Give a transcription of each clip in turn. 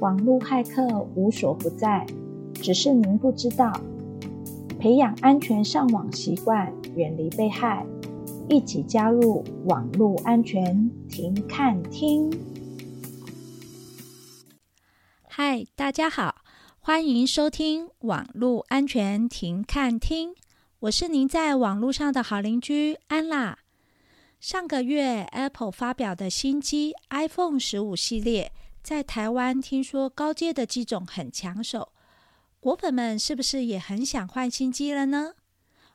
網絡駭客無所不在，只是您不知道。培養安全上網習慣，遠離被害，一起加入網絡安全停看聽。嗨，大家好，歡迎收聽網絡安全停看聽。我是您在網絡上的好鄰居安娜。上個月，Apple 發表的新機 iPhone 15系列。在台灣聽說高階的機種很搶手，果粉們是不是也很想換新機了呢？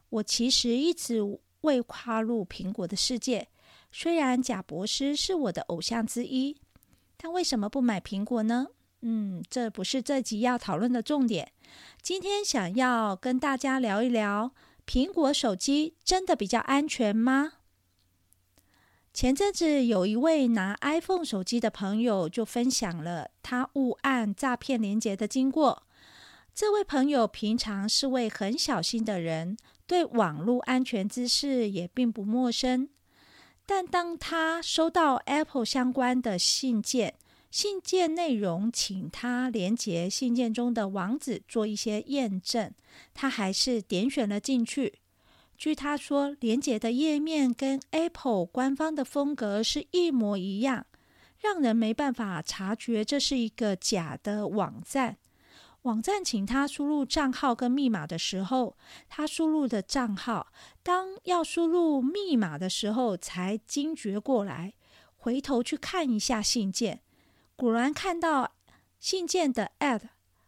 我其實一直未跨入蘋果的世界，雖然賈博士是我的偶像之一，但為什麼不買蘋果呢？嗯，這不是這集要討論的重點。今天想要跟大家聊一聊，蘋果手機真的比較安全嗎？前陣子，有一位拿 iPhone 手機的朋友就分享了他誤按詐騙連接的經過。這位朋友平常是位很小心的人，對網絡安全知識也並不陌生。但當他收到 Apple 相關的信件，信件內容請他連接信件中的網址做一些驗證，他還是點選了進去。據他說，連接的頁面跟 Apple 官方的風格是一模一樣，讓人沒辦法察覺這是一個假的網站。網站請他輸入賬號跟密碼的時候，他輸入的賬號；當要輸入密碼的時候，才驚覺過來，回頭去看一下信件，果然看到信件的 ad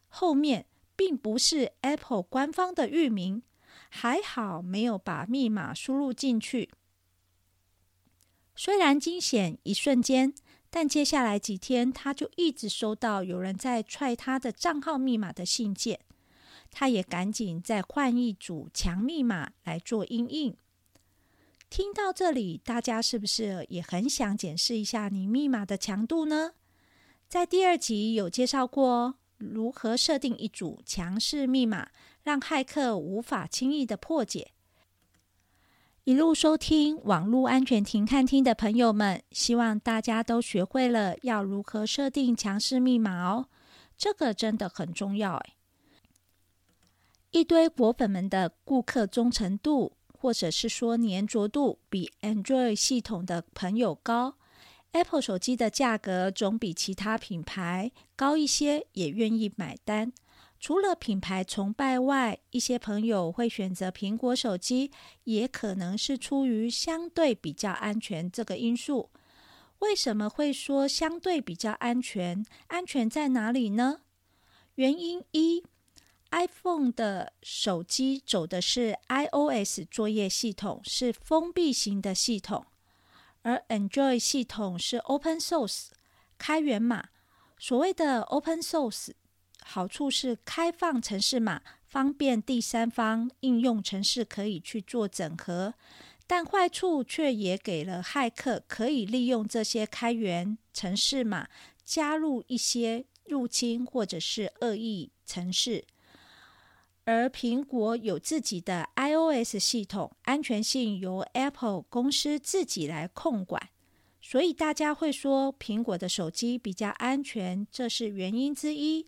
後面並不是 Apple 官方的域名。還好沒有把密碼輸入進去，雖然驚險一瞬間，但接下來幾天他就一直收到有人在 try 他的賬號密碼的信件。他也趕緊再換一組強密碼來做因應。聽到這裡，大家是不是也很想檢視一下你密碼的強度呢？在第二集有介紹過如何設定一組強勢密碼。讓駭客無法輕易的破解。一路收聽網絡安全停看聽的朋友們，希望大家都學會了要如何設定強勢密碼哦，這個真的很重要哎。一堆果粉們的顧客忠誠度，或者是說粘着度，比 Android 系統的朋友高。Apple 手機的價格總比其他品牌高一些，也願意買單。除了品牌崇拜外，一些朋友會選擇蘋果手機，也可能是出於相對比較安全這個因素。為什麼會說相對比較安全？安全在哪裡呢？原因一，iPhone 的手機走的是 iOS 作業系統，是封閉型的系統，而 Android 系統是 Open Source，開源碼。所謂的 Open Source。好處是開放程式碼，方便第三方應用程式可以去做整合，但壞處卻也給了駭客可以利用這些開源程式碼加入一些入侵或者是惡意程式。而蘋果有自己的 iOS 系統，安全性由 Apple 公司自己來控管，所以大家會說蘋果的手機比較安全，這是原因之一。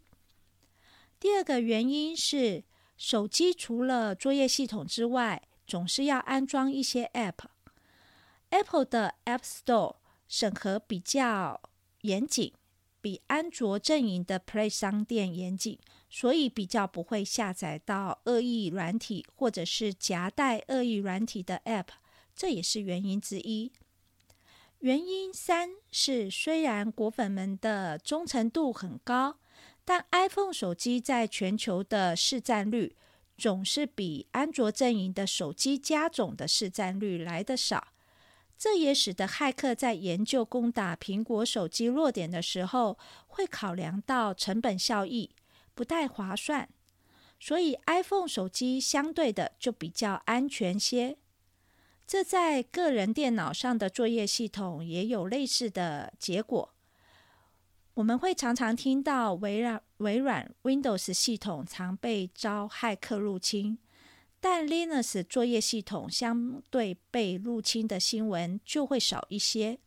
第二個原因是，手機除了作業系統之外，總是要安裝一些 App。Apple 的 App Store 審核比較嚴謹，比安卓陣營的 Play 商店嚴謹，所以比較不會下載到惡意軟體或者是夾帶惡意軟體的 App。這也是原因之一。原因三是，雖然果粉們的忠誠度很高。但 iPhone 手機在全球的市占率總是比安卓陣營的手機加總的市占率來得少，這也使得駭客在研究攻打蘋果手機弱點的時候，會考量到成本效益，不太划算，所以 iPhone 手機相對的就比較安全些。這在個人電腦上的作業系統也有類似的結果。我們會常常聽到微軟、微軟 Windows 系統常被遭駭客入侵，但 Linux 作業系統相對被入侵的新聞就會少一些。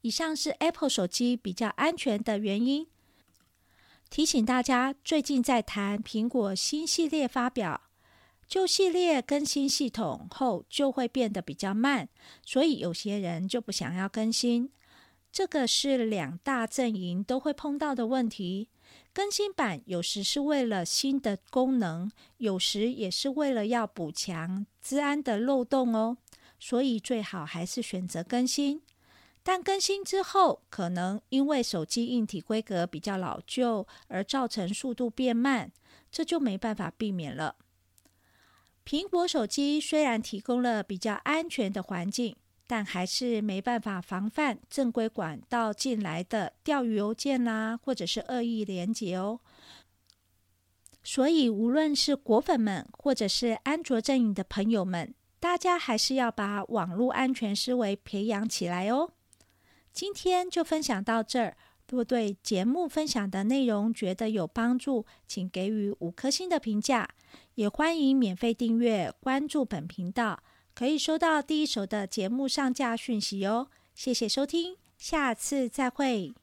以上是 Apple 手機比較安全的原因。提醒大家，最近在談蘋果新系列發表，舊系列更新系統後就會變得比較慢，所以有些人就不想要更新。這個是兩大陣營都會碰到的問題。更新版有時是為了新的功能，有時也是為了要補強資安的漏洞哦。所以最好還是選擇更新。但更新之後，可能因為手機硬體規格比較老舊，而造成速度變慢，這就沒辦法避免了。蘋果手機雖然提供了比較安全的環境。但還是沒辦法防範正規管道進來的釣魚郵件啦、啊，或者是惡意鏈接哦。所以，無論是果粉們，或者是安卓陣營的朋友們，大家還是要把網絡安全思維培養起來哦。今天就分享到這兒。如果對節目分享的內容覺得有幫助，請給予五顆星的評價，也歡迎免費訂閱關注本頻道。可以收到第一手的節目上架訊息喲，謝謝收聽，下次再會。